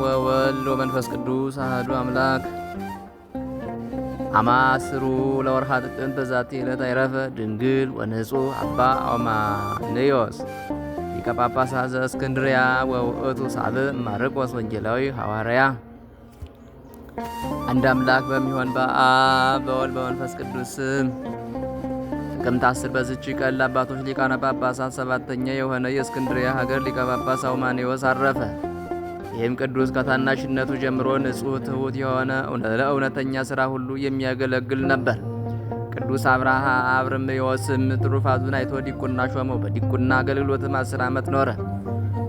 ወወልድ ወመንፈስ ቅዱስ አህዱ አምላክ። አማስሩ ለወርሃ ጥቅምት በዛቲ ዕለት አይረፈ ድንግል ወንጹሕ አባ አውማኔዮስ ሊቀ ጳጳሳት ዘእስክንድርያ ወውእቱ ሳብዕ ማርቆስ ወንጌላዊ ሐዋርያ። አንድ አምላክ በሚሆን በአብ በወልድ በመንፈስ ቅዱስ ስም ጥቅምት አስር በዝች ቀን ለአባቶች ሊቃነ ጳጳሳት ሰባተኛ የሆነ የእስክንድርያ ሀገር ሊቀ ጳጳስ አውማኔዮስ አረፈ። ይህም ቅዱስ ከታናሽነቱ ጀምሮ ንጹሕ ትሑት የሆነ ለእውነተኛ ሥራ ሁሉ የሚያገለግል ነበር። ቅዱስ አብርሃ አብርም የወስም ትሩፋቱን አይቶ ዲቁና ሾመው። በዲቁና አገልግሎትም አስር ዓመት ኖረ።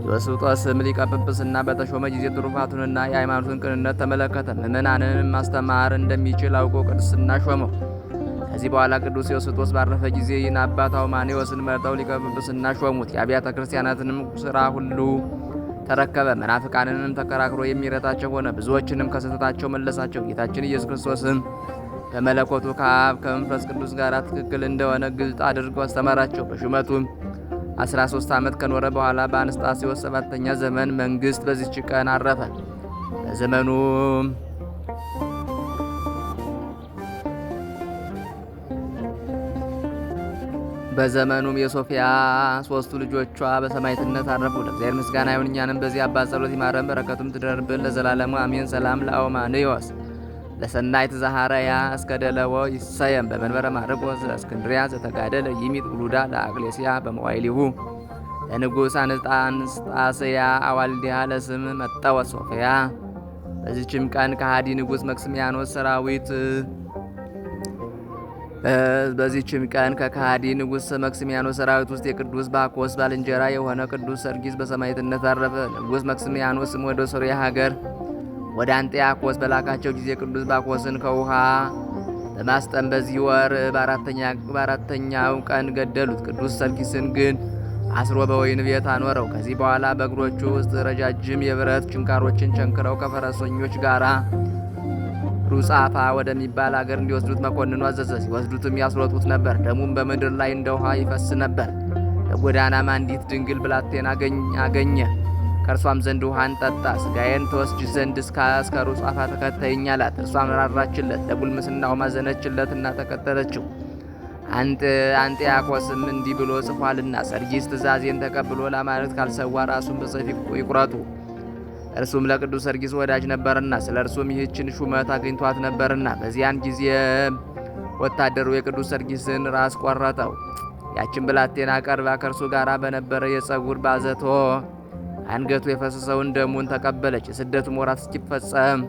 የወስጦስም ሊቀ ጵጵስና በተሾመ ጊዜ ትሩፋቱንና የሃይማኖቱን ቅንነት ተመለከተ። ምዕመናንንም ማስተማር እንደሚችል አውቆ ቅድስና ሾመው። ከዚህ በኋላ ቅዱስ የወስጦስ ባረፈ ጊዜ ይህን አባት አውማኔዎስን መርጠው ሊቀ ጵጵስና ሾሙት። የአብያተ ክርስቲያናትንም ሥራ ሁሉ ተረከበ። መናፍቃንንም ተከራክሮ የሚረታቸው ሆነ። ብዙዎችንም ከስህተታቸው መለሳቸው። ጌታችን ኢየሱስ ክርስቶስም በመለኮቱ ከአብ ከመንፈስ ቅዱስ ጋር ትክክል እንደሆነ ግልጥ አድርጎ አስተማራቸው። በሹመቱም 13 ዓመት ከኖረ በኋላ በአንስጣሴዎስ ሰባተኛ ዘመን መንግስት በዚች ቀን አረፈ። በዘመኑም በዘመኑም የሶፊያ ሶስቱ ልጆቿ በሰማዕትነት አረፉ። ለእግዚአብሔር ምስጋና ይሁን፣ እኛንም በዚህ አባት ጸሎት ይማረን፣ በረከቱም ትደርብን ለዘላለሙ አሜን። ሰላም ለአውማንዮስ ለሰናይት ዛሃራያ እስከ ደለወ ይሰየም በመንበረ ማርቆስ ዘእስክንድርያ ዘተጋደለ ይሚጥ ውሉዳ ለአቅሌስያ በመዋይሊሁ ለንጉሥ አንስጣስያ አዋልዲያ ለስም መጠወ ሶፊያ። በዚችም ቀን ከሃዲ ንጉሥ መክስሚያኖስ ሰራዊት በዚህችም ቀን ከካሃዲ ንጉሥ መክስሚያኖስ ሰራዊት ውስጥ የቅዱስ ባኮስ ባልንጀራ የሆነ ቅዱስ ሰርጊስ በሰማዕትነት አረፈ። ንጉሥ መክስሚያኖስም ወደ ሶርያ ሀገር ወደ አንጢያኮስ በላካቸው ጊዜ ቅዱስ ባኮስን ከውሃ በማስጠን በዚህ ወር በአራተኛው ቀን ገደሉት። ቅዱስ ሰርጊስን ግን አስሮ በወይን ቤት አኖረው። ከዚህ በኋላ በእግሮቹ ውስጥ ረጃጅም የብረት ችንካሮችን ቸንክረው ከፈረሰኞች ጋራ ሩጻፋ ወደሚባል አገር እንዲወስዱት መኮንኑ አዘዘ። ሲወስዱትም ያስሮጡት ነበር። ደሙም በምድር ላይ እንደ ውሃ ይፈስ ነበር። በጎዳናም አንዲት ድንግል ብላቴን አገኘ። ከእርሷም ዘንድ ውሃን ጠጣ። ስጋዬን ተወስጅ ዘንድ እስከ ሩጻፋ ተከተይኝ አላት። እርሷም ራራችለት፣ ለጉልምስናው ማዘነችለት እና ተከተለችው። አንጢያኮስም እንዲህ ብሎ ጽፏልና ሰርጊስ ትእዛዜን ተቀብሎ ለአማልክት ካልሰዋ ራሱን በሰይፍ ይቁረጡ እርሱም ለቅዱስ ሰርጊስ ወዳጅ ነበርና ስለ እርሱም ይህችን ሹመት አግኝቷት ነበርና በዚያን ጊዜ ወታደሩ የቅዱስ ሰርጊስን ራስ ቆረጠው። ያችን ብላቴና ቀርባ ከእርሱ ጋር በነበረ የጸጉር ባዘቶ አንገቱ የፈሰሰውን ደሙን ተቀበለች። የስደቱም ወራት እስኪፈጸም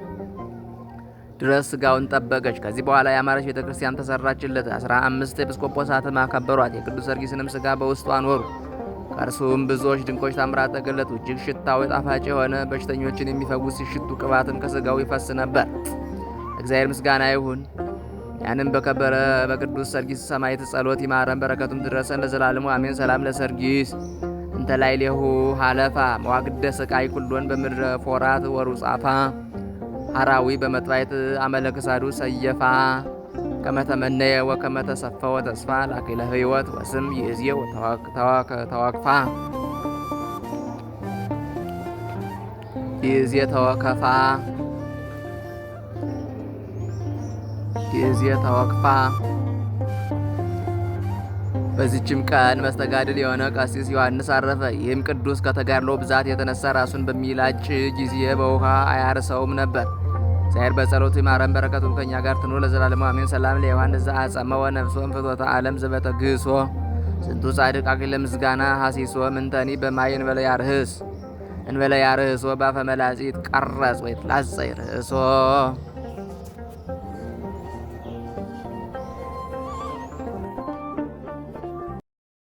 ድረስ ስጋውን ጠበቀች። ከዚህ በኋላ የአማረች ቤተ ክርስቲያን ተሰራችለት። አስራ አምስት ኤጲስቆጶሳትም አከበሯት። የቅዱስ ሰርጊስንም ስጋ በውስጡ አኖሩ። እርሱም ብዙዎች ድንቆች ታምራት ተገለጡ። እጅግ ሽታው ጣፋጭ የሆነ በሽተኞችን የሚፈውስ ሽቱ ቅባትም ከስጋው ይፈስ ነበር። እግዚአብሔር ምስጋና ይሁን። ያንም በከበረ በቅዱስ ሰርጊስ ሰማዕት ጸሎት ይማረን፣ በረከቱም ትድረሰን ለዘላለሙ አሜን። ሰላም ለሰርጊስ እንተ ላዕሌሁ ሀለፋ መዋግደ ስቃይ ኩሎን በምድረ ፎራት ወሩጻፋ ሀራዊ በመጥባይት አመለክሳዱ ሰየፋ ከመተመነየ ወከመተሰፈወ ተስፋ ላኪለ ህይወት ወስም ይእዜው ተዋክፋ ይእዜ ተወከፋ ይእዜ ተወክፋ። በዚችም ቀን መስተጋድል የሆነ ቀሲስ ዮሐንስ አረፈ። ይህም ቅዱስ ከተጋድሎ ብዛት የተነሳ ራሱን በሚላጭ ጊዜ በውሃ አያርሰውም ነበር። እግዚአብሔር በጸሎቱ ይማረን፣ በረከቱም ከእኛ ጋር ትኑር ለዘላለሙ አሜን። ሰላም ለዮሐንስ ዘአጸመወ ነፍሶም ፍቶተ ዓለም ዘበተ ግህሶ ስንቱ ጻድቅ አኪለ ምስጋና ሀሲሶ ምንተኒ በማይ እንበለ ያርህስ እንበለ ያርህሶ ባፈ መላጺት ቀረጽ ወይ ትላጸይ ርእሶ